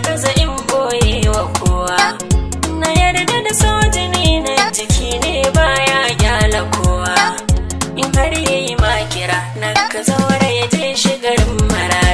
gaza in boye wa kowa na yarda da sojini na jiki ne baya gyala kowa in har yi makira na ka zaura ya je shigarin mara